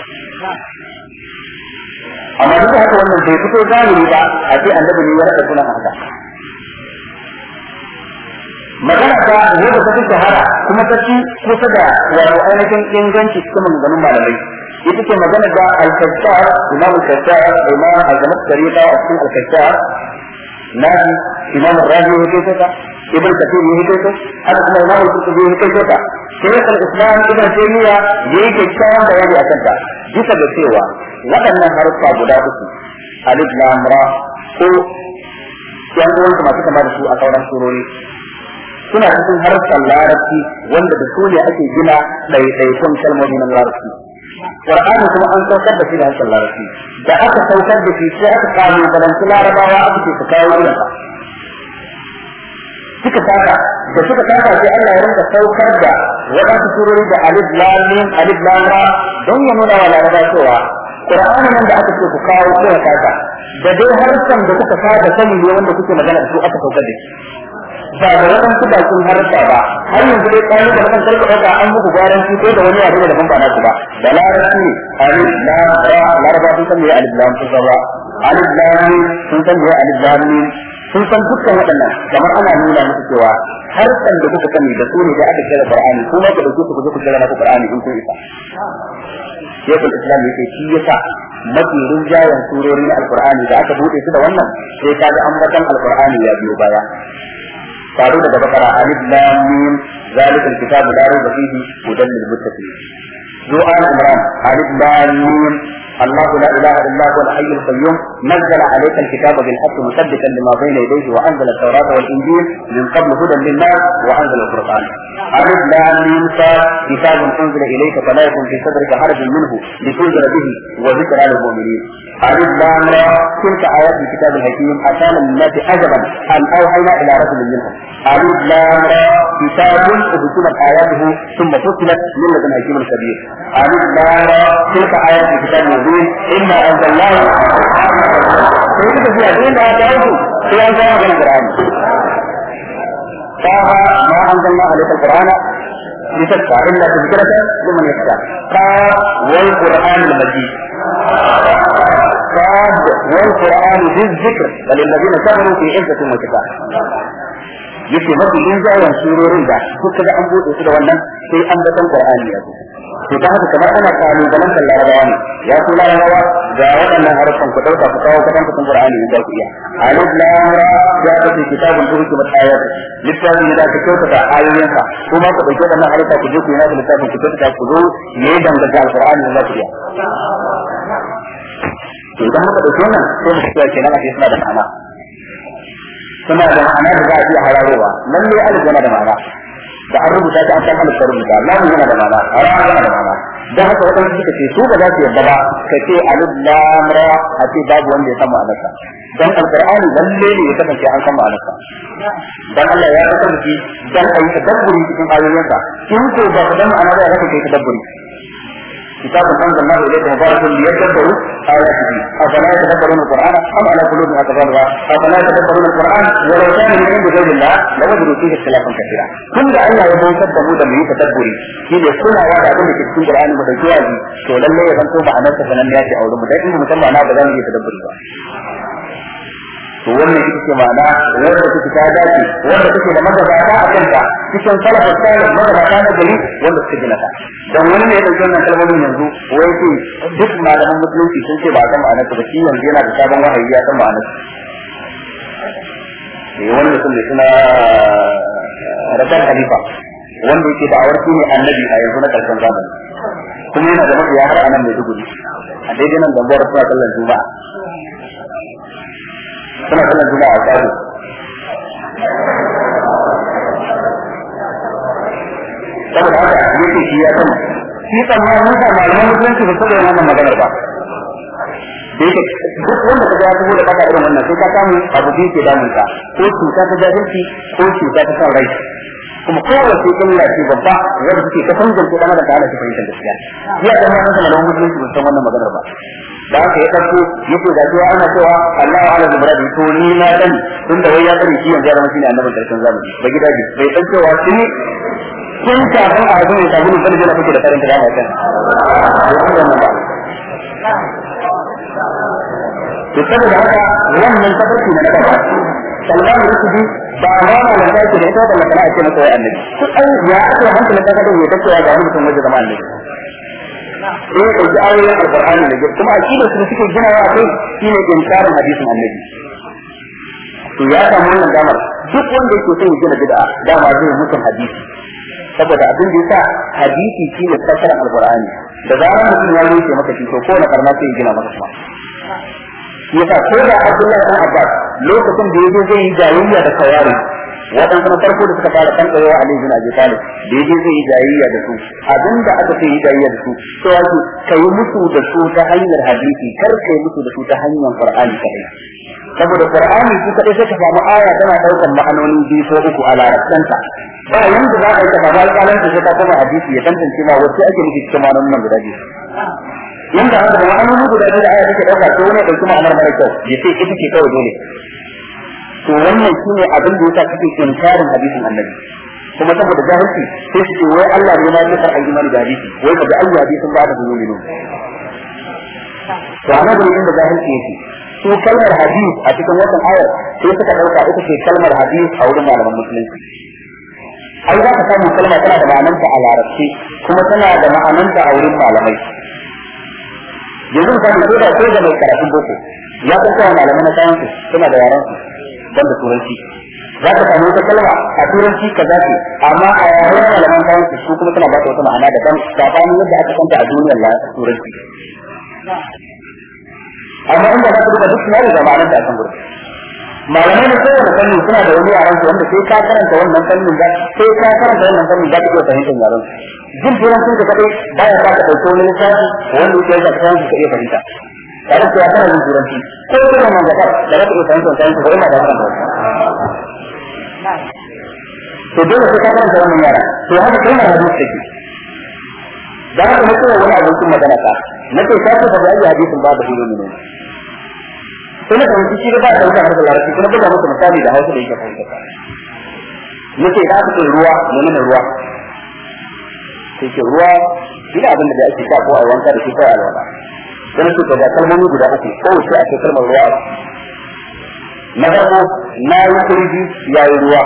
amma duk haka wannan bai fito zalimi ba a ce annabi ne ya rada sunan haka magana ta wanda ta fi shahara kuma ta fi kusa da wato ainihin inganci cikin maganganun malamai ita ce magana da al-kashar imam al-kashar imam azamat tariqa a cikin al na ji imam rabi ya kai ta ibn kathir ya kai ta haka kuma imam al-qurtubi ya kai ta sai al-islam ibn taymiya ya yi kyakkyawan bayani akan ta bisa da cewa waɗannan harfa guda uku alif lam ra ko yan uwansu masu kama da su a sauran surori suna cikin harsan larabci wanda da su ne ake gina ɗaiɗaikun kalmomi na larabci Qur'ani kuma an saukar da shi da harsan larabci da aka saukar da shi sai aka kalubalanci larabawa aka ce su kawo irin ba suka saka da suka saka sai Allah ya rinka saukar da wadansu surori da alif lam mim alif lam don ya nuna wa laraba cewa Qur'ani nan da aka ce ku kawo kuka kaka, da dai harsan da kuka saka sani ne wanda kuke magana da su aka saukar da shi ba da waɗansu bakin harsa ba har yanzu dai kayan da kan karka ɗauka an muku gwaran su ko da wani abu da ban bana su ba da larabci ne alif lam ra sun san me alif lam sun san ra alif sun san me alif lam sun san dukkan waɗannan kamar ana nuna musu cewa harsan da kuka sani da su ne da aka kira Qur'ani kuma ku dauke su ku je ku kira maka Qur'ani in kun isa yadda islam yake shi yasa mafi rinjayen surorin qurani da aka bude su da wannan sai kaga ambatan Al-Qur'ani ya biyo baya faru daga bakara alif lam mim zalikal kitabu la rayba fihi hudan سوء عمران ألف لام الله لا إله إلا هو الحي القيوم نزل عليك الكتاب بالحق مثبتا لما بين يديه وأنزل التوراة والإنجيل من قبل هدى للناس وأنزل القرآن لا ينسى كتاب أنزل إليك فلا يكن في صدرك حرج منه لتنزل به على للمؤمنين ألف لا تلك آيات الكتاب الحكيم أتانا الناس عجبا أن أوحينا إلى رجل منهم ألف لا كتاب أبتلت آياته ثم فصلت من لدن حكيم ألف لام تلك آية الكتاب المبين إنا أنزلناه فإنك في هذه الآيات في أنزلنا في القرآن طه ما أنزل الله عليك القرآن لتشفى إلا تذكرة لمن يخشى قاف والقرآن المجيد قاف والقرآن ذي الذكر بل الذين كفروا في عزة وكفاء yake mafi in zayan surorin da kuka da an bude su da wannan sai an ga san qur'ani ya to ta haka kamar ana kalu ganin kan larabawa ne ya ku rawa ga waɗannan harafan ku dauka ku kawo kadan kun qur'ani da ku iya alif lam ra ya ta ce kitabun turki mata ayat littafin da ka kyauta da ayoyin ka kuma ku dauke wannan harfa ku je ku yana da littafin ku kyauta ku zo ne dangane alqur'ani da ku iya to idan muka dauke wannan sai mu tsaya kenan a cikin da ma'ana suna da ma'ana da za a iya hararowa ne alif yana da ma'ana da an rubuta shi an san alif ta rubuta lamu yana da ma'ana ara yana da ma'ana dan haka wadansu suka ce su ba za su yarda ba ka ce alif lam ra a ce babu wanda ya san ma'anarsa dan alqur'ani lalle ne ya kasance an san ma'anarsa
dan Allah ya kasance
dan ayi tadabburi cikin ayoyinsa in ko ba ka dan ma'ana ba ya ta tadabburi كتاب أنزل الله إليك مبارك ليدبروا آياته أفلا يتدبرون القرآن أم على قلوب أقدارها أفلا يتدبرون القرآن ولو كان من عند غير الله لوجدوا فيه اختلافا كثيرا كل أن يكون تدبروا دم تدبري إذا كنا وعد أقول لك في القرآن مدجوازي to lalle ya zanto ma'anarsa sanan ya ce a wurin mu dan in musamman na to wannan ita ce ma'ana wanda take ta dace wanda take da magabata a kanta cikin salafin salih magabata na gari wanda suke gina ta Don wani ne ɗauki wannan kalmomin yanzu wai ce duk malaman musulunci sun ce ba a san ma'anar ba shi yanzu yana da sabon wahayi ya san ma'anar ne eh, wani sun ne suna eh, rakan halifa wanda yake da awarki ne annabi a yanzu na karshen zamani kuma yana da mabiya a nan mai duguri a daidai nan gambar suna kallon juma'a suna sallar juma'a tsari saboda haka yake shi ya sani shi tsammanin sa malaman musulunci ba su da wannan maganar ba da yake duk wanda ka ga ya da baka irin wannan sai ka samu abu biyu ke damun ka ko cuta ta jahilci ko cuta ta san rai kuma kowace sai illa ce babba wanda suke ta san zance dan da ta hana ta fahimtar gaskiya ya da ma nan da musulunci ba san wannan maganar ba da aka ya ɗauko yake da cewa ana cewa Allah ya ala da to ni na sani tun da ya sani shi yanzu ya zama annabin zamani ba gida ji bai san cewa shi kun kafin a zo ya tafi kuke da karanta da da haka wannan na ba da
yake da ita da matsala a
annabi ko ai ya aka hankali daga kada ya cewa ga mutum wajen zama annabi sai ya ɗauki ayoyin alƙur'ani da kuma aƙidar su da suke gina a kai shine ne inkarin hadisin annabi to ya samu wannan damar duk wanda yake son ya gina bid'a dama zai mutum hadisi saboda abin da yasa hadisi shi ne fasarar alƙur'ani da zarar mutum ya yanke maka shi to kowane karna sai ya gina maka kuma yasa ko da Abdullahi bin Abbas lokacin da ya zo zai yi jayayya da kawari waɗansu na farko da suka fara kan tsayawa Ali bin Abi Talib da yaje zai yi jayayya da su abinda aka ce yi jayayya da su to wato kai musu da su ta hanyar hadisi kar kai musu da su ta hanyar Qur'ani kai saboda Qur'ani shi kadai sai ka samu aya tana daukar ma'anoni biyu ko uku a larabtanta. ba yanzu za a yi ka ba alƙalan sai ka kuma hadisi ya tantance ma wacce ake nufi cikin ma'anonin nan guda biyu yanda haka da ma'anoni guda biyu da aya take dauka to ne da kuma amar mara kyau Ya ce ita ce kawai dole to wannan shi ne abin da sa kake inkarin hadisin annabi kuma saboda jahilci sai su ce wai Allah ne ma ya fara imani da hadisi wai kaga ayi hadisin ba da zuwa ne to ana da inda jahilci yake su kalmar hadis a cikin wannan ayar sai suka dauka ita ce kalmar hadis a wurin malaman musulunci ai za ka samu kalma tana da ma'ananta a larabci kuma tana da ma'ananta a wurin malamai yanzu ka ko da ko da mai karatun boko ya san cewa malamai na sayansu suna da yaran su banda turanci za ka samu wata kalma a turanci ka za ce amma a yaren malaman kayan su kuma tana ba ta wata ma'ana da ban ni yadda aka kanta a duniyar la turanci amma inda za ka duka duk suna da zamanin da akan gurbin malamai da kowane fanni suna da wani yaran su wanda sai ka karanta wannan fannin da sai ka karanta wannan fannin da kake fahimtar yaran jin turancin ka kaɗai baya sa ka dauko wani lissafi wanda yake da turancin ka iya fahimta tare ya kana yin turanci ko kuma nan gaba da zaka san san sai ko ma da kan to dole sai ka san wannan yara to haka kai ma hadisi take da haka mutum wani abokin magana ka nake ka ba ya hadisin ba da hilo ne sai na fahimci shi ba da wannan da shi, kuma buga mutum misali da hausa da yake fahimta ka nake da aka ce ruwa menene ruwa sai ke ruwa shi abin da ake sa ko a wanka da shi ko a alwala sai su ga kalmomi guda uku ko shi a ce kalmar ruwa na farko na yi kurji ya yi ruwa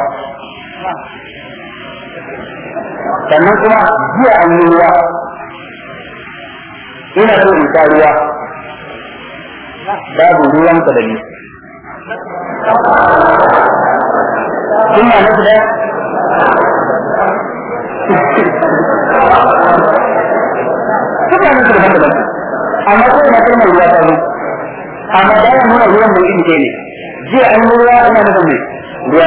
sannan kuma jiya an yi ruwa ina so in sha ruwa babu ruwan ka da ni
ina na guda suka ne
su da amma ko na kalmar ruwa ta zo amma da ya nuna ruwan mai iri ne jiya an ruwa ina nufin mai ruwa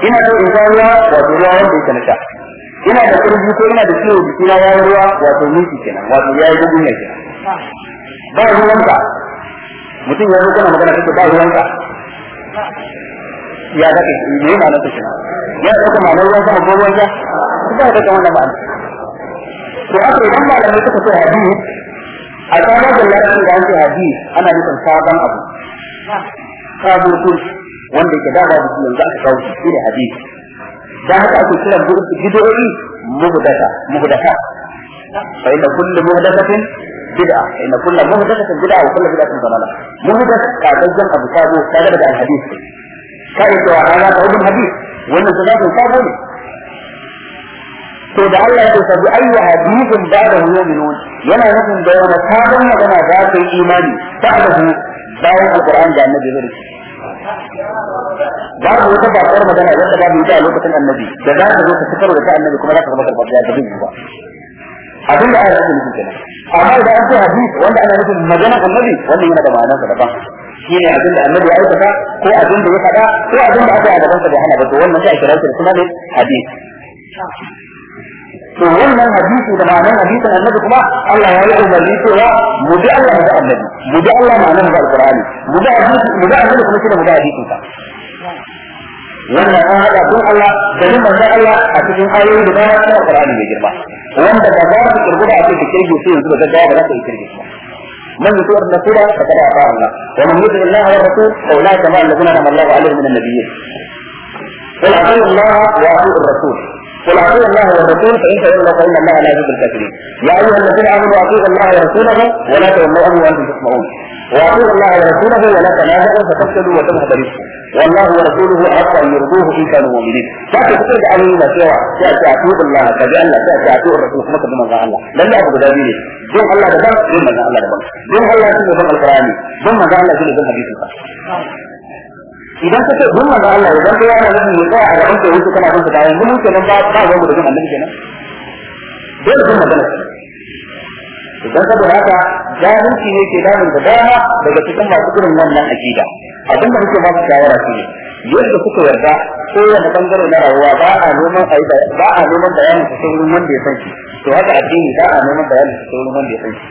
ina so ruwa wato ruwa wanda yake na ina da kurji ko ina da ciwo jikina ya ruwa wato miki kenan wato ya yi gudunya kenan ba ruwanka mutum ya zo kana magana kake ba ruwanka ya zaka ne ma na tashi ya zaka ma ruwan sama ko ruwan ja ba da wannan ba to aka idan malamai suka ce hadisi a tsara da lafiya da ake haji ana nufin sabon abu sabon kurs wanda ke da babu yanzu aka kawo shi da haji dan haka ake kiran bid'o'i muhdasa muhdasa fa inna kullu muhdasatin bid'a fa inna kullu muhdasatin bid'a wa kullu bid'atin dalalah muhdas ka dajjan abu sabo ka da hadisi kai to ana da hadisi wannan sabon sabo ne to da Allah ya ce bi ayyu da ba'da hu yu'minun yana nufin da wani sabon magana za ka yi imani ba'da hu bayan alquran da annabi zai
babu wata bakar magana wanda babu ita a lokacin annabi da za ka zo ka fitar
da ta annabi kuma za ka zama karɓar da bin ba abin da ayar nufin kenan amma idan an ce hadith wanda ana nufin magana annabi wannan yana da ma'anar sa daban shine abin da annabi ya aikata ko abin da ya faɗa ko abin da aka yi a gaban sa bai hana ba to wannan sai a kira shi da suna ne hadith وقلنا الحديث ده معناه حديث النبي كما الله يعلم الحديث هو مدعى الله ده النبي مدعى الله معناه ده القرآن مدعى الحديث مدعى النبي كما كده مدعى الحديث ده wannan an haɗa tun Allah da nan manzon Allah a cikin ayoyi da dama na Qur'ani mai girma wanda ba za su kirgu da ake kirge su yanzu da gaggawa ba za su yi kirge su من يطيع الرسول فقد اطاع الله ومن يطع الله والرسول فاولئك مع الذين انعم الله عليهم من النبيين قل اطيعوا الله واطيعوا الرسول قل اطيعوا الله والرسول فان تولوا فان الله لا يجوز الكافرين. يا ايها الذين امنوا اطيعوا الله ورسوله ولا تولوا عنه وانتم تسمعون. واطيعوا الله ورسوله ولا تنازعوا فتفسدوا وتذهب ريحكم. والله ورسوله احق ان يرضوه ان كانوا مؤمنين. فاتي تقول عن الله سوى تاتي اطيعوا الله فجعلنا الله تاتي اطيعوا الرسول كما كما قال الله. لن يعبد دابيني. دون الله دبر دون الله دبر. دون الله شنو دون القران دون الله شنو دون حديث idan ka ce dun manzo Allah idan ka yana nufin ya tsaya a gaban ka wuce kana bin yanzu kenan ba ba ga mu da jin annabi kenan dole da magana idan ka da haka jahilci ne ke damun da dama daga cikin masu irin wannan akida abin da muke ba su shawara shi ne yadda kuka yarda kowane bangare na rayuwa ba a noman ba a noman bayanin su wurin wanda ya san to haka addini ba a noman bayanin su wurin wanda ya san shi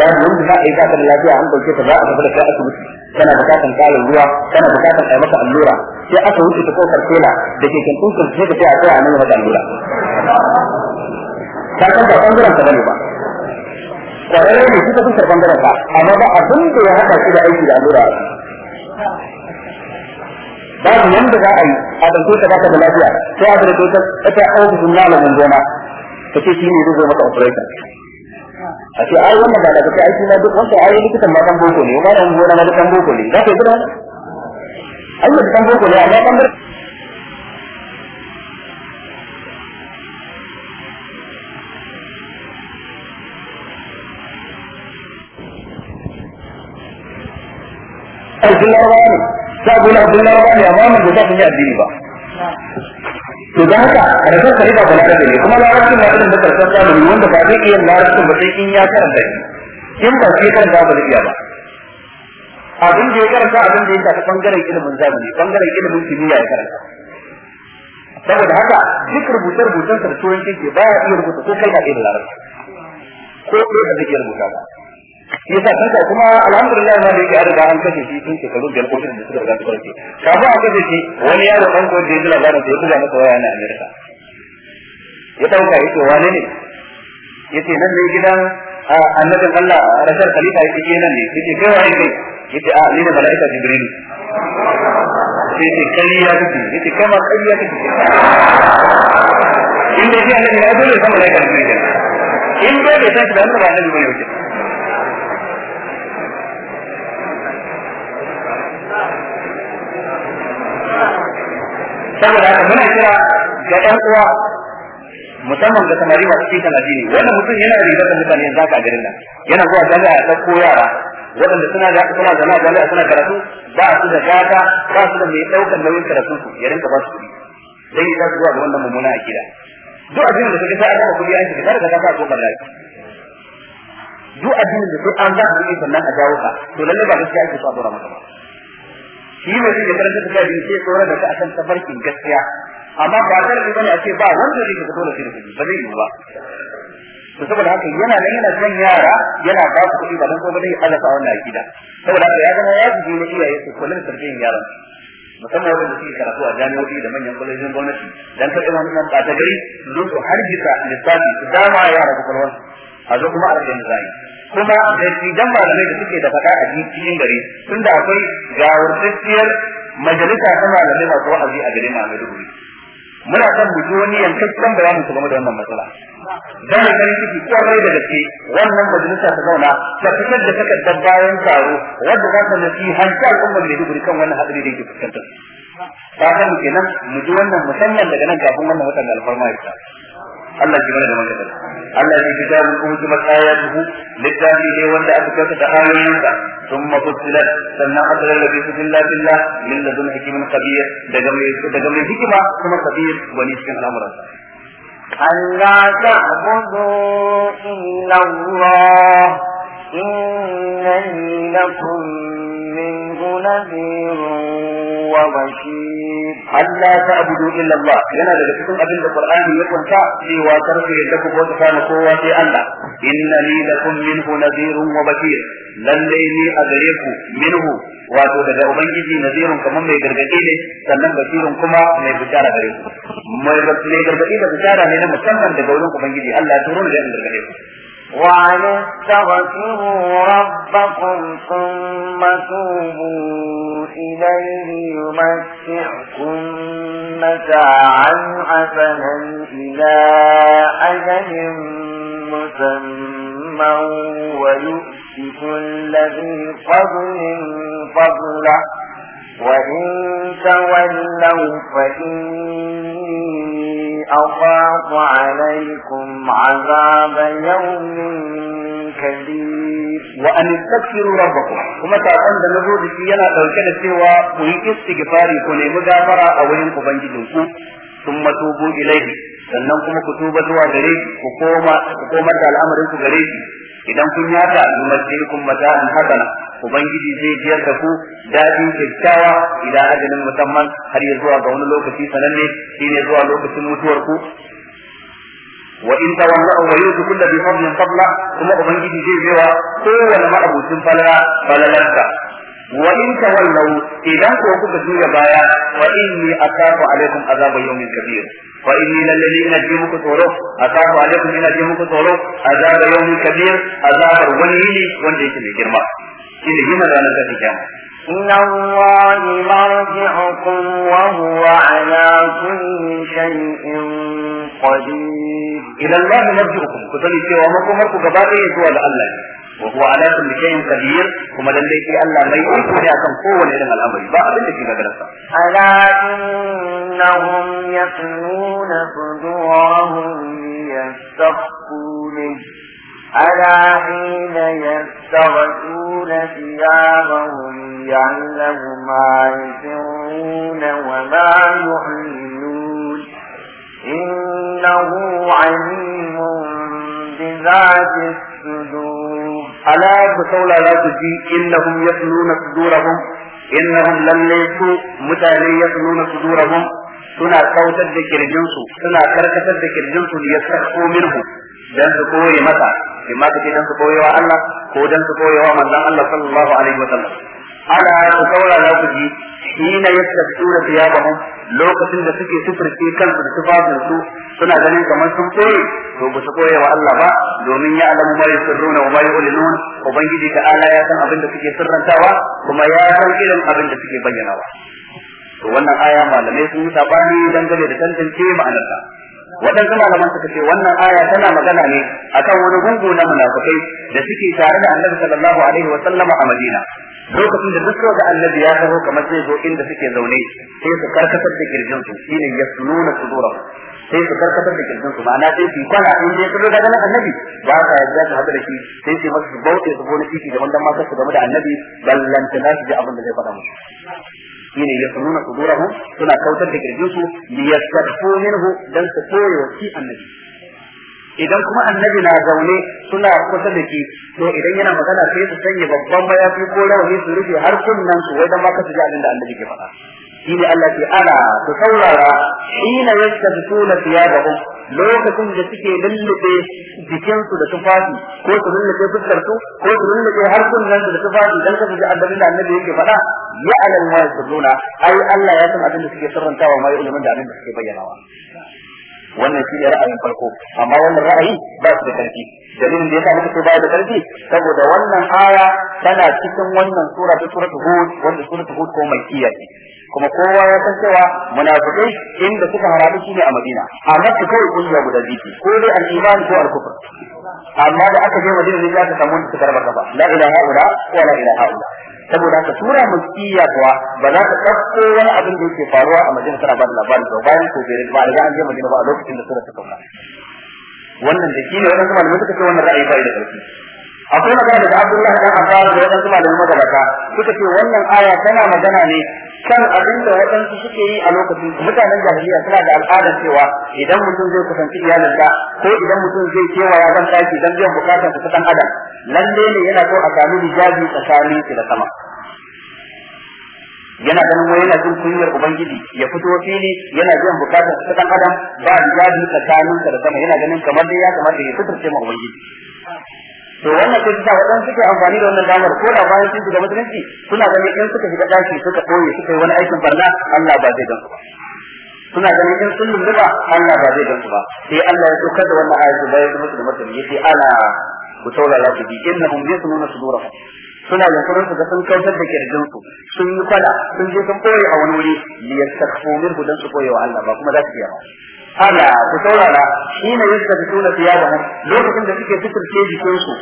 ba mun da za a yi lafiya an dauke ta ba a tafi da kai asibiti kana bukatan kalin ruwa kana bukatan ai maka allura sai aka wuce ta kofar tela da ke kan kunkun sai ka ta a a nan maka allura
Ta san ba bangaren ka bane ba
kwararre ne ta kusa bangaren ka amma ba abin da ya haɗa shi da aiki da allura babu yanda za a yi a ɗauke ta baka da lafiya sai a zara ta ta ofishin malamin gona ta ce shi ne zai zo maka operation a ce ai wannan ba daga kai aiki na duk wanda ai likitan ma kan boko ne ba nan gona na kan boko ne da ke gina ai da kan boko ne amma kan Abdullahi ne, sa gona Abdullahi ne amma mun da ta yi addini ba. to da haka rasar sa da balaga ne kuma larabcin na irin da da zamani wanda ba zai iya larabcin ba sai in ya karanta shi Kin ba karanta ba zai iya ba abin da ya karanta abin da ya ta bangaren ilimin zamani bangaren ilimin kimiyya ya karanta saboda haka duk rubuce-rubucen sa da turanci ke baya iya rubuta ko kai na iya larabci ko kai ba zai iya rubuta ba yasa kanka kuma alhamdulillah ma da yake an riga an kashe shi tun shekaru biyar ko da suka riga suka rike kafin a kashe shi wani yaro ɗan ko da ya ji labarin da ya buga masa waya na Amerika ya dauka yake wane ne Ya yace nan ne gidan annabin Allah rashar khalifa yake ke eh, nan ne ce kai wani ne. Ya ce a ni ne malaika Ya ce kai ya kike yace kai ma kai ya kike
in dai annabi ne dole
sai malaika jibril in dai bai san da annabi ba ne
saboda haka muna kira
ga ɗan uwa musamman ga samari masu cikin addini wannan mutum yana riga da mutane yanzu haka garin nan yana zuwa jami'a ya ɗauko yara waɗanda suna da suna zama jami'a suna karatu ba su da gata ba su da mai ɗaukar nauyin karatun su ya rinka ba su kuɗi dan yi za su zuwa ga wannan mummuna akida duk addinin da suka ta aka kuɗi an shiga daga ta ko ban lafi duk addinin da su an za su yi sannan a jawo ka to lallai ba gaskiya ake so a dora maka ba shi ne karanta da jabin sai tsora da ka akan tabarkin gaskiya amma ba da da bane a ce ba wanda zai fito da shi ba zai yi ba to saboda haka yana nan yana son yara yana ba su kuɗi ba dan ko ba zai alaka wannan gida saboda haka ya zama ya ji ne iyaye su kullun tarbiyyar yara musamman wanda suke karatu a jami'o'i da manyan kwalejin gwamnati dan kada wannan ba ta gari zo su harjita lissafi su dama yara kwalwan a zo kuma a rage zai kuma da dan malamai da suke da fada a cikin gari tun da akwai gawurtacciyar majalisa ta malamai masu wa'azi a garin Maiduguri muna son mu ji wani yankakken bayanin su game da wannan matsala dan da kan ciki kwarai da gaske wannan majalisa ta zauna ta fitar da takardar bayan taro wadda za ta nasihanci al'ummar Maiduguri kan wannan hadari da yake fuskantar ba ke nan, mu ji wannan musamman daga nan kafin wannan watan alfarma ya Allah ki mana da wanda kai Allah ki kitabu kuma kuma ayatuhu littafi ne wanda aka kauta da ayoyinsa thumma fusilat sannan aka lallabe su billah billah min ladun hakimin kabir daga mai daga mai hikima kuma kabir wani cikin al'amuransa
Allah ta'budu illa Allah إنني لكم منه نذير وبشير ألا تعبدوا إلا الله لنا لكم أبن القرآن يكون شعبي وترفي لكم وتفان قوة الله إنني
لكم منه نذير وبشير lallai أدريكم منه wato daga ubangiji nazirun kamar mai gargadi ne sannan basirun kuma mai bishara gare ku mai gargadi da bishara ne na musamman daga wurin ubangiji Allah ya turo da gargade ku
وعن استغفروا ربكم ثم توبوا إليه يمسعكم متاعا حسنا إلى أجل مسمى ويؤسف كل ذي فضل فضله وإن تولوا فإني أخاف عليكم عذاب يوم كبير وأن استغفروا ربكم كما تعلم da nazo da shi yana dauke da
cewa ku yi istighfari ku nemi gafara a wurin ubangijinku sun matubu ilaihi sannan kuma ku tuba da idan kun yata yumakkilkum mata'an hasana ubangiji zai biyar da ku dadin kyakkyawa idan ajalin musamman har ya zuwa ga wani lokaci sananne shine zuwa lokacin mutuwar ku wa in tawallu wa yuzu kullu bi fadlin fadla kuma ubangiji zai biyawa kowanne ma'abucin falala falalarka wa in tawallaw idan ko kuka juya baya wa inni akafu alaikum azaba yawmin kabir wa inni lallani ina ji muku tsoro akafu alaikum ina ji muku tsoro azaba yawmin kabir azabar wani ne wanda yake mai girma shine yima ranar da take
إلى الله مرجعكم وهو على كل شيء قدير إلى الله مرجعكم كتلي سوى مكو مركو قبائي يزوى
الله وهو على كل شيء قدير وما لم في الا ما يكون كم قوة إلى الأمر بقى بنت في مدرسة
ألا إنهم يثنون صدورهم ليستخفوا منه ألا حين يستغسون ثيابهم يعلم ما يسرون وما يعلنون إنه عليم بذات الصدور ala ku saurara ku ji innahum yasluna sudurahum
innahum lalle su mutane yasluna sudurahum suna kautar da kirjinsu suna karkatar da kirjinsu da yasakko minhu dan su koye masa imma kace dan su koyewa Allah ko dan su koyewa manzon Allah sallallahu alaihi wasallam ala ku saurara ku ji hina ya thiyabahum lokacin da suke sufurce kansu da tufafin su suna ganin kamar sun koyi to ba su koya wa Allah ba domin ya alamu ma yusirruna wa ma yu'linun ubangiji ta ala ya san abin da suke sirrantawa kuma ya san irin abin da suke bayyanawa to wannan aya malamai sun yi sabani dangane da tantance ma'anarta waɗansu malaman suka ce wannan aya tana magana ne akan wani gungu na munafikai da suke tare da Annabi sallallahu alaihi wa sallama a Madina lokacin da duk da annabi ya taho kamar zai zo inda suke zaune sai su karkatar da kirjin su shine su sudura sai su karkatar da kirjin su ma'ana sai su kwana in dai su daga nan annabi ba ka yarda su hada da shi sai su masu bauta su gona titi gaban dan masu game da annabi ballanta za su ji abin da zai faɗa musu shine su sudura suna kautar da kirjin su liyastaqu minhu dan su koyo shi annabi idan kuma annabi na zaune suna kusa da ke, to idan yana magana sai su sanya babban mayafi ko rawani su rufe har kunnan su wai dan ma kasu ji abin da annabi ke faɗa ne Allah ke ana su saurara su yastabtuna thiyabahum lokacin da suke lullube jikinsu da tufafi ko su lullube fuskarsu ko su lullube har kunnan su da tufafi dan kasu ji abin da annabi yake faɗa ya alal ma yasbuna ai Allah ya san abin da suke sirrantawa ma ya ilimin da abin da suke bayyanawa wannan shi ne ra'ayin farko amma wannan ra'ayi ba su da karfi dalilin da ya sa ce ba da karfi saboda wannan aya tana cikin wannan sura ta suratul hud wanda suratul hud ko mai kiyaye kuma kowa ya san cewa munafiqai inda suka shi ne a Madina amma su kai kungiya guda biyu ko dai al-iman ko al-kufr amma da aka je Madina ne za ta samu su karba kafa la ilaha illa wa la ilaha illa saboda haka sura makkiya kuwa ba za ta ɗauko wani abin da yake faruwa a madina tana ba da labari ba bayan ko bai ba da an je madina ba a lokacin da sura ta sauka wannan da shi ne wannan kuma da suka ce wannan ra'ayi bai da ƙarfi akwai magana da Abdullahi dan Abbas da wannan kuma da magana suka ce wannan aya tana magana ne kan abin da waɗansu suke yi a lokacin mutanen jahiliya suna da al'adar cewa idan mutum zai kusanci da ko idan mutum zai ya zan ɗaki dan biyan bukatar ta ɗan adam lalle ne yana so a sami hijabi tsakanin su da sama yana ganin wai yana jin kunyar ubangiji ya fito fili yana biyan bukatar ta ɗan adam ba hijabi tsakanin da sama yana ganin kamar dai ya da ya fitar ma ubangiji to wannan ko da wadan suke amfani da wannan damar ko da bayan sun shiga musulunci suna ganin in suka shiga daki suka koyi suka yi wani aikin barna Allah ba zai gansu ba suna ganin in sun lulluba Allah ba zai gansu ba sai Allah ya dokar da wannan ayatu bayan su musulmi mutum yace ana ku taurara ku bi innahum yasununa sudurahum suna yankurin su ga sun kautar da kirjin su sun yi kwala sun je sun koyi a wani wuri liyastakfu minhu dan su koyi wa Allah ba kuma za su iya ba ala ku saurara shi ne yadda ta tona siya da mu lokacin da suke fitirce jikinsu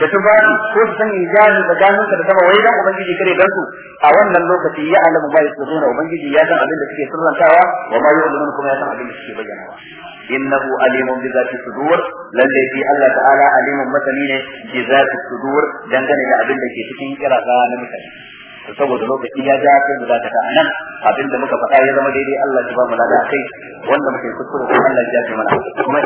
da tufafi ko su san hijabi da ganunsa da sama wai dan ubangiji kare dan su a wannan lokaci ya alamu ba yasruna ubangiji ya san abin da suke sirrantawa wa ma yu'linun kuma ya san abin da suke bayyanawa innahu alimun bi zati sudur lalle fi Allah ta'ala alimun masani ne bi zati sudur dangane da abin da ke cikin kirasa na mutane saboda lokaci ya ja sai mu dakata a nan abinda muka faɗa ya zama daidai Allah ya ba mu lada kai wanda muke kuskure ko
Allah ya ji mana